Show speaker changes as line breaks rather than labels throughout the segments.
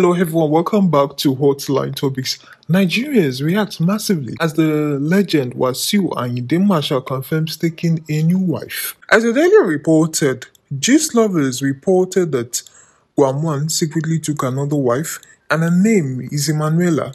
Hello, everyone. Welcome back to Hotline Topics. Nigerians react massively as the legend Wasiu and Marshall confirms taking a new wife. As the Daily reported, juice lovers reported that Guamwan secretly took another wife, and her name is Emanuela.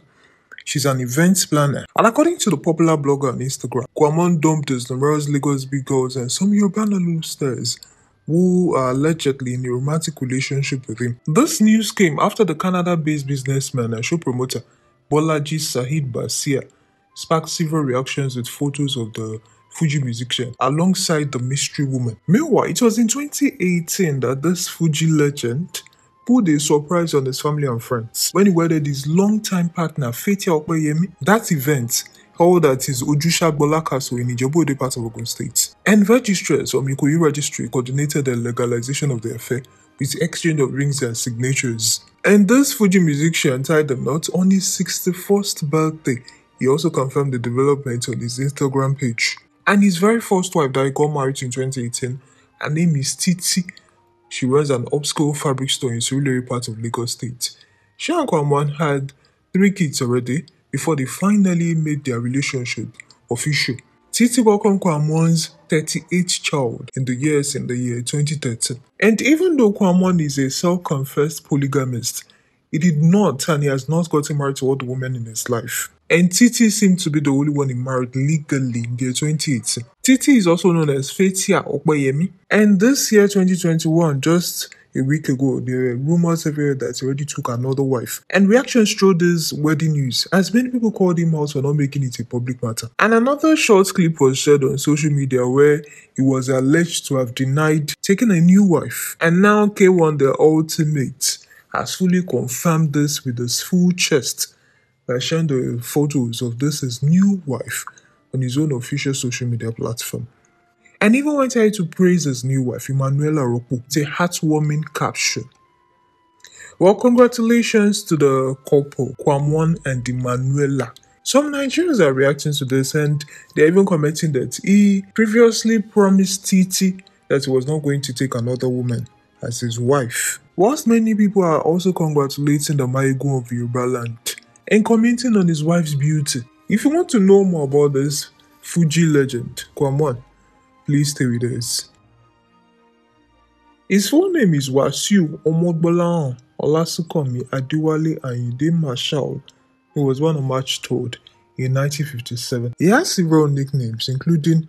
She's an events planner. And according to the popular blogger on Instagram, Guamwan dumped his numerous Lagos big girls and some Yoruba stars who are allegedly in a romantic relationship with him. This news came after the Canada based businessman and show promoter Bolaji Sahid Basia sparked several reactions with photos of the Fuji musician alongside the mystery woman. Meanwhile, it was in 2018 that this Fuji legend put a surprise on his family and friends when he wedded his longtime partner Fetia Okoyemi. That event all that is Ojusha Gbola Castle in ijebu part of Ogun State. And registrars from Ikoyi Registry coordinated the legalization of the affair with the exchange of rings and signatures. And this Fuji musician tied the knot on his 61st birthday. He also confirmed the development on his Instagram page. And his very first wife that he got married in 2018, her name is Titi. She runs an upscale fabric store in Surulere part of Lagos State. She and Kwamwan had three kids already, before they finally made their relationship official. Titi welcomed Kwamon's 38th child in the years in the year 2013. And even though Kwamon is a self-confessed polygamist, he did not and he has not gotten married to other women in his life. And Titi seemed to be the only one he married legally in the year 2018. Titi is also known as Fetia Okweyemi. And this year 2021 just a week ago, there were rumors everywhere that he already took another wife. And reactions showed this wedding news, as many people called him out for not making it a public matter. And another short clip was shared on social media where he was alleged to have denied taking a new wife. And now K1 The Ultimate has fully confirmed this with his full chest by sharing the photos of this his new wife on his own official social media platform and even went ahead to praise his new wife, Emanuela Rocco, with a heartwarming caption. Well, congratulations to the couple, Kwamwon and Emanuela. Some Nigerians are reacting to this and they're even commenting that he previously promised Titi that he was not going to take another woman as his wife. Whilst many people are also congratulating the Maigo of Yoruba and commenting on his wife's beauty. If you want to know more about this Fuji legend, Kwamwon Please stay with us. His full name is Wasiu Omogbolahan Olasukomi Adiwale Ayinde Marshall. He was born on March 3rd in 1957. He has several nicknames, including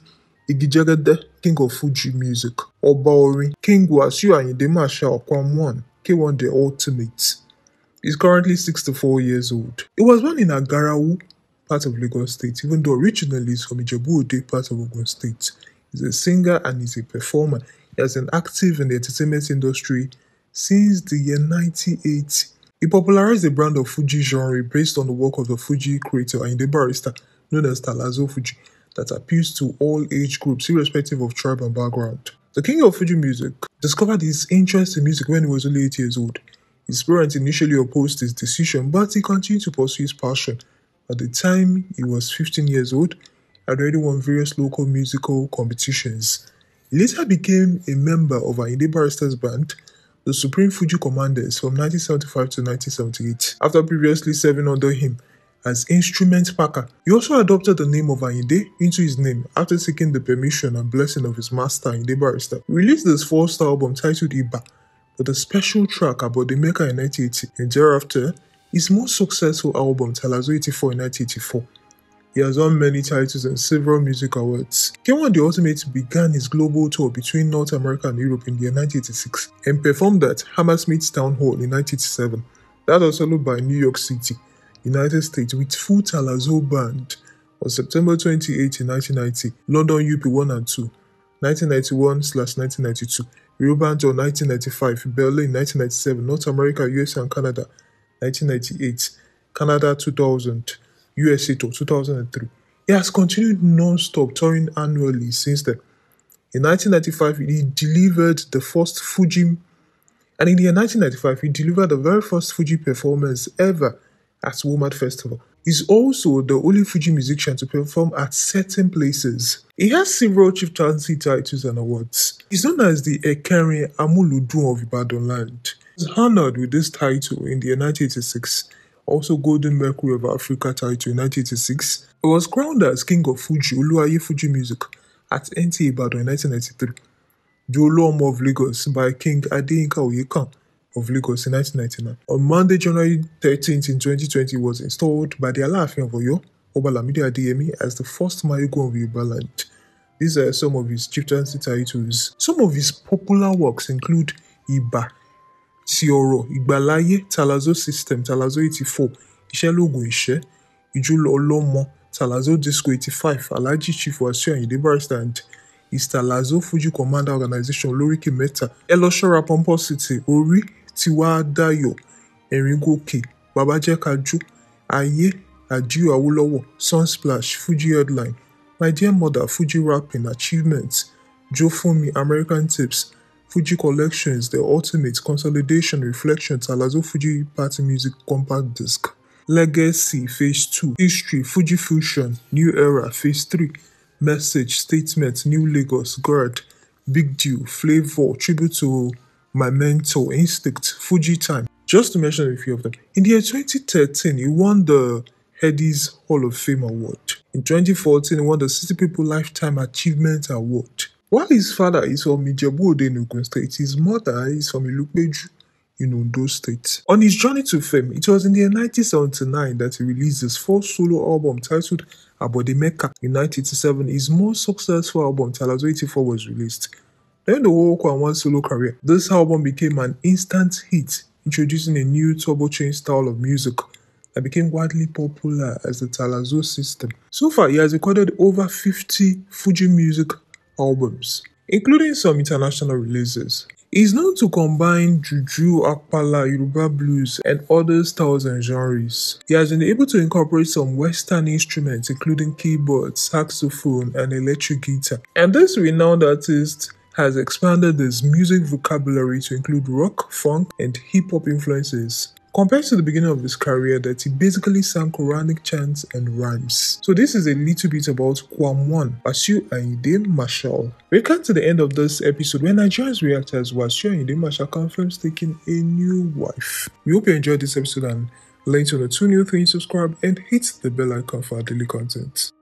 Igijagade, King of Fuji Music, Obaori, King Wasiu Ayinde Marshall one. K1 The Ultimate. He's currently 64 years old. He was born in Agarawu, part of Lagos State, even though originally he's from Ijebu Ode, part of Ogun State. He's a singer and he's a performer. He has been active in the entertainment industry since the year 1980. He popularized the brand of Fuji genre based on the work of the Fuji creator and the barista known as Talazo Fuji that appeals to all age groups, irrespective of tribe and background. The king of Fuji music discovered his interest in music when he was only 8 years old. His parents initially opposed his decision, but he continued to pursue his passion. At the time he was 15 years old, had already won various local musical competitions. He later became a member of Ayinde Barrister's band, the Supreme Fuji Commanders, from 1975 to 1978, after previously serving under him as instrument packer. He also adopted the name of Ayinde into his name after seeking the permission and blessing of his master Ayinde Barrister. He released his first album titled Iba with a special track about the maker in 1980 and thereafter his most successful album Talazo 84 in 1984. He has won many titles and several music awards. K1 The Ultimate began his global tour between North America and Europe in the year 1986 and performed at Hammersmith Town Hall in 1987. That was followed by New York City, United States with Full Talazo Band on September 28, 1990, London UP 1 and 2, 1991-1992, Rio-Banjo 1995, Berlin 1997, North America, US and Canada 1998, Canada 2000, USA tour 2003. He has continued non-stop touring annually since then. In 1995, he delivered the first Fuji, and in the year 1995, he delivered the very first Fuji performance ever at Walmart Festival. He's also the only Fuji musician to perform at certain places. He has several chieftaincy titles and awards. He's known as the Ekeri Amuludun of Ibadan land. He was honored with this title in the year 1986 also Golden Mercury of Africa title in 1986. He was crowned as King of Fuji Oluwaye Fuji Music at NT Ibadan in 1993. The Oluomo of Lagos by King Adeyinka Oyekan of Lagos in 1999. On Monday, January 13th in 2020, was installed by the Alaafin of Oyo, Obalamide Adeyemi, as the first Mayogun of Yoruba These are some of his chieftaincy titles. Some of his popular works include Iba, ti ọ̀rọ̀ ìgbàláàyè Thalazzo System talazo eighty four ìṣẹ́lógún ìṣẹ́ ìjùlọ ọlọ́mọ talazo Disco eighty five Alhaji Chief Wàsíù Ayinde Barrister and his talazo Fuji Commander Organisation olóríkè mẹ́ta ẹ lọ ṣọ́ra pomposity orí tiwa dayọ̀ ẹ̀ríngòkè babajẹ́kájú ayé àjíò awólọ́wọ̀ sunsplash fuji headline my dear mother fuji rapping achievement joe funmi american tips Fuji Collections: The Ultimate Consolidation Reflections Salazo-Fuji Party Music Compact Disc Legacy Phase Two History Fujifusion New Era Phase Three Message Statement New Lagos God Big Deal Flavor Tribute to My Mentor Instinct Fuji Time just to mention a few of them. In the year 2013, he won the Headies Hall of Fame Award. In 2014, he won the City People Lifetime Achievement Award. While his father is from ijebu in Ogun State, his mother is from Ilupeju in Ondo State. On his journey to fame, it was in the year 1979 that he released his first solo album titled Abodimeka. In 1987, his most successful album, Talazo 84, was released. During the World and One solo career, this album became an instant hit, introducing a new turbo chain style of music that became widely popular as the Talazo system. So far, he has recorded over 50 Fuji music albums, including some international releases. is known to combine Juju, Akpala, Yoruba blues, and other styles and genres. He has been able to incorporate some Western instruments, including keyboard, saxophone, and electric guitar. And this renowned artist has expanded his music vocabulary to include rock, funk, and hip hop influences. Compared to the beginning of his career that he basically sang Quranic chants and rhymes. So this is a little bit about Kwamwan, Asiu Ayinde Marshall. We come to the end of this episode when Nigerians reactors as Wasiu Ayinde Marshall confirms taking a new wife. We hope you enjoyed this episode and learned to know two new things, subscribe and hit the bell icon for our daily content.